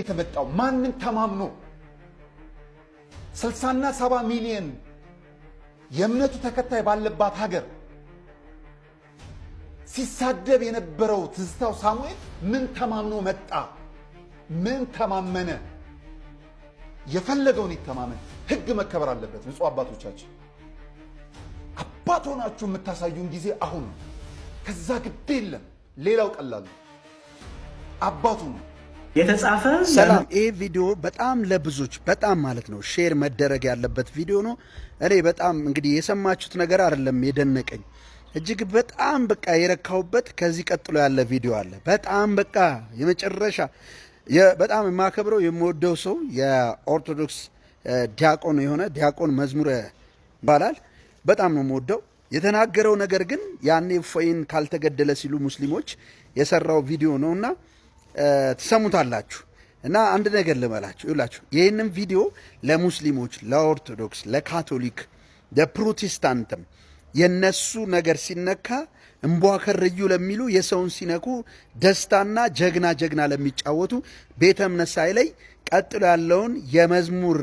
የተመጣው ማንን ተማምኖ ስልሳና ሰባ ሚሊዮን የእምነቱ ተከታይ ባለባት ሀገር ሲሳደብ የነበረው ትዝታው ሳሙኤል ምን ተማምኖ መጣ? ምን ተማመነ? የፈለገውን ይተማመን። ህግ መከበር አለበት። ንጹህ አባቶቻችን አባት ሆናችሁ የምታሳዩን ጊዜ አሁን ነው። ከዛ ግድ የለም። ሌላው ቀላል ነው። አባቱ ነው። የተጻፈ ሰላም። ይህ ቪዲዮ በጣም ለብዙዎች በጣም ማለት ነው ሼር መደረግ ያለበት ቪዲዮ ነው። እኔ በጣም እንግዲህ የሰማችሁት ነገር አይደለም የደነቀኝ እጅግ በጣም በቃ የረካሁበት ከዚህ ቀጥሎ ያለ ቪዲዮ አለ። በጣም በቃ የመጨረሻ በጣም የማከብረው የምወደው ሰው የኦርቶዶክስ ዲያቆን የሆነ ዲያቆን መዝሙረ ይባላል። በጣም ነው የምወደው የተናገረው ነገር ግን ያኔ እፎይን ካልተገደለ ሲሉ ሙስሊሞች የሰራው ቪዲዮ ነውና ትሰሙታላችሁ። እና አንድ ነገር ልመላችሁ ይላችሁ ይህንም ቪዲዮ ለሙስሊሞች፣ ለኦርቶዶክስ፣ ለካቶሊክ፣ ለፕሮቴስታንትም የነሱ ነገር ሲነካ እምቧከርዩ ለሚሉ የሰውን ሲነኩ ደስታና ጀግና ጀግና ለሚጫወቱ ቤተ እምነት ላይ ቀጥሎ ያለውን የመዝሙር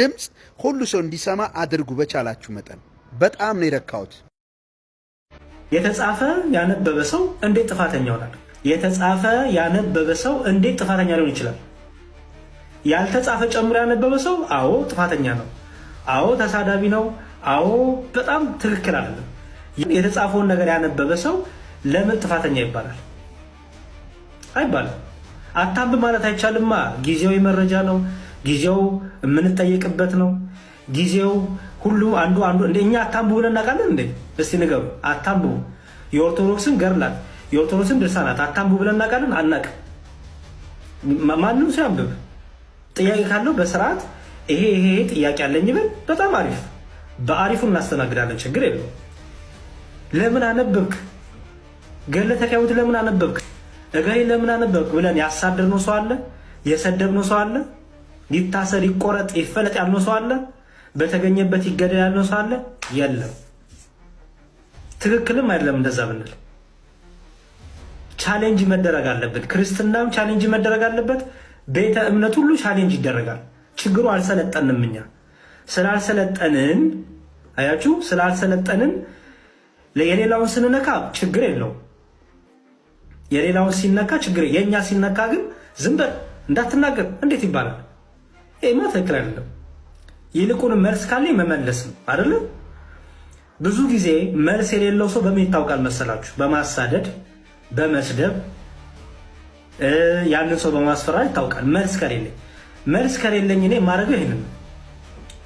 ድምፅ ሁሉ ሰው እንዲሰማ አድርጉ። በቻላችሁ መጠን በጣም ነው የረካሁት። የተጻፈ ያነበበ ሰው እንዴት ጥፋተኛ ሆናል? የተጻፈ ያነበበ ሰው እንዴት ጥፋተኛ ሊሆን ይችላል? ያልተጻፈ ጨምሮ ያነበበ ሰው አዎ ጥፋተኛ ነው፣ አዎ ተሳዳቢ ነው፣ አዎ በጣም ትክክል አይደለም። የተጻፈውን ነገር ያነበበ ሰው ለምን ጥፋተኛ ይባላል? አይባልም። አታብ ማለት አይቻልማ። ጊዜው የመረጃ ነው። ጊዜው የምንጠየቅበት ነው። ጊዜው ሁሉ አንዱ አንዱ እኛ አታንቡ ብለን እናውቃለን እንዴ? እስቲ ንገሩ። አታንቡ የኦርቶዶክስን ገርላት የኦርቶዶክስን ድርሳናት አታንቡ ብለን እናውቃለን? አናውቅም። ማንም ሰው ያንብብ። ጥያቄ ካለው በስርዓት ይሄ ይሄ ጥያቄ አለኝ ብል በጣም አሪፍ፣ በአሪፉ እናስተናግዳለን። ችግር የለውም። ለምን አነበብክ ገለ ተክያዊት ለምን አነበብክ እገሌ ለምን አነበብክ ብለን ያሳደርነው ሰው አለ፣ የሰደብነው ሰው አለ፣ ይታሰር ይቆረጥ ይፈለጥ ያልነው ሰው አለ፣ በተገኘበት ይገደል ያልነው ሰው አለ። የለም፣ ትክክልም አይደለም እንደዛ ብንል ቻሌንጅ መደረግ አለበት። ክርስትናም ቻሌንጅ መደረግ አለበት። ቤተ እምነት ሁሉ ቻሌንጅ ይደረጋል። ችግሩ አልሰለጠንም። እኛ ስላልሰለጠንን፣ አያችሁ፣ ስላልሰለጠንን የሌላውን ስንነካ ችግር የለው። የሌላውን ሲነካ ችግር፣ የእኛ ሲነካ ግን ዝም በል እንዳትናገር እንዴት ይባላል? ይህማ ትክክል አይደለም። ይልቁን መልስ ካለ መመለስ ነው አይደለም? ብዙ ጊዜ መልስ የሌለው ሰው በምን ይታወቃል መሰላችሁ? በማሳደድ በመስደብ ያንን ሰው በማስፈራር ይታወቃል። መልስ ከሌለኝ መልስ ከሌለኝ እኔ የማደርገው ይሄንን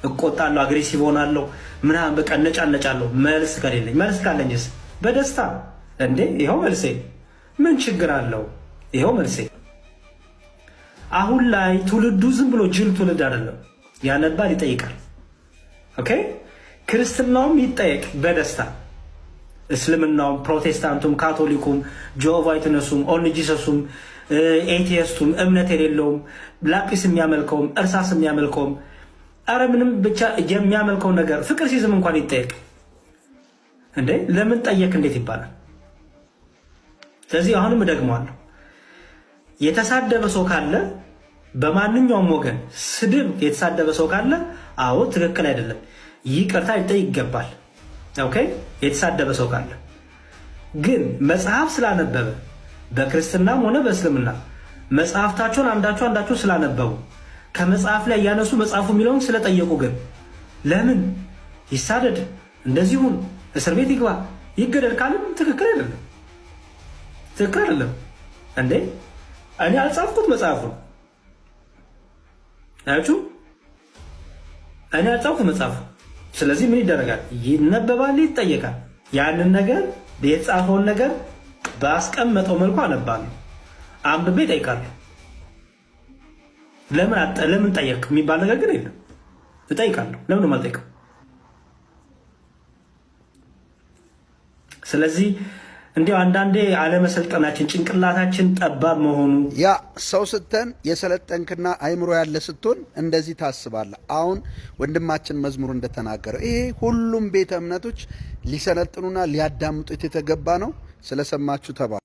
እቆጣለሁ፣ አግሬሲቭ ሆናለሁ፣ ምናምን በቃ እነጫነጫለሁ። መልስ ከሌለኝ መልስ ካለኝስ በደስታ እንዴ ይኸው መልሴ ምን ችግር አለው? ይኸው መልሴ። አሁን ላይ ትውልዱ ዝም ብሎ ጅል ትውልድ አይደለም። ያነባል፣ ይጠይቃል። ኦኬ ክርስትናውም ይጠየቅ በደስታ እስልምናውም ፕሮቴስታንቱም ካቶሊኩም ጆቫይትነሱም ኦንጂሰሱም፣ ኤቲስቱም እምነት የሌለውም ላጲስ የሚያመልከውም እርሳስ የሚያመልከውም አረ ምንም ብቻ የሚያመልከው ነገር ፍቅር ሲዝም እንኳን ይጠየቅ እንዴ! ለምን ጠየቅ እንዴት ይባላል? ስለዚህ አሁንም እደግመዋለሁ፣ የተሳደበ ሰው ካለ በማንኛውም ወገን ስድብ የተሳደበ ሰው ካለ አዎ ትክክል አይደለም፣ ይቅርታ ሊጠይቅ ይገባል። ኦኬ የተሳደበ ሰው ካለ ግን መጽሐፍ ስላነበበ በክርስትናም ሆነ በእስልምና መጽሐፍታቸውን አንዳቸው አንዳቸው ስላነበቡ ከመጽሐፍ ላይ እያነሱ መጽሐፉ የሚለውን ስለጠየቁ ግን ለምን ይሳደድ እንደዚሁን እስር ቤት ይግባ ይገደል ካለም ትክክል አይደለም። ትክክል አይደለም እንዴ! እኔ አልጻፍኩት መጽሐፉ ነው አያችሁ። እኔ አልጻፍኩት መጽሐፉ ስለዚህ ምን ይደረጋል? ይነበባል፣ ይጠየቃል። ያንን ነገር የጻፈውን ነገር በአስቀመጠው መልኩ አነባለሁ፣ አንብቤ እጠይቃለሁ። ለምን ለምን ጠየቅ የሚባል ነገር ግን የለም። እጠይቃለሁ። ለምን አልጠይቅም? ስለዚህ እንዲያው አንዳንዴ አለመሰልጠናችን ጭንቅላታችን ጠባብ መሆኑ ያ ሰው ስተን የሰለጠንክና አይምሮ ያለ ስትሆን እንደዚህ ታስባለህ። አሁን ወንድማችን መዝሙር እንደተናገረው ይሄ ሁሉም ቤተ እምነቶች ሊሰለጥኑና ሊያዳምጡት የተገባ ነው። ስለሰማችሁ ተባ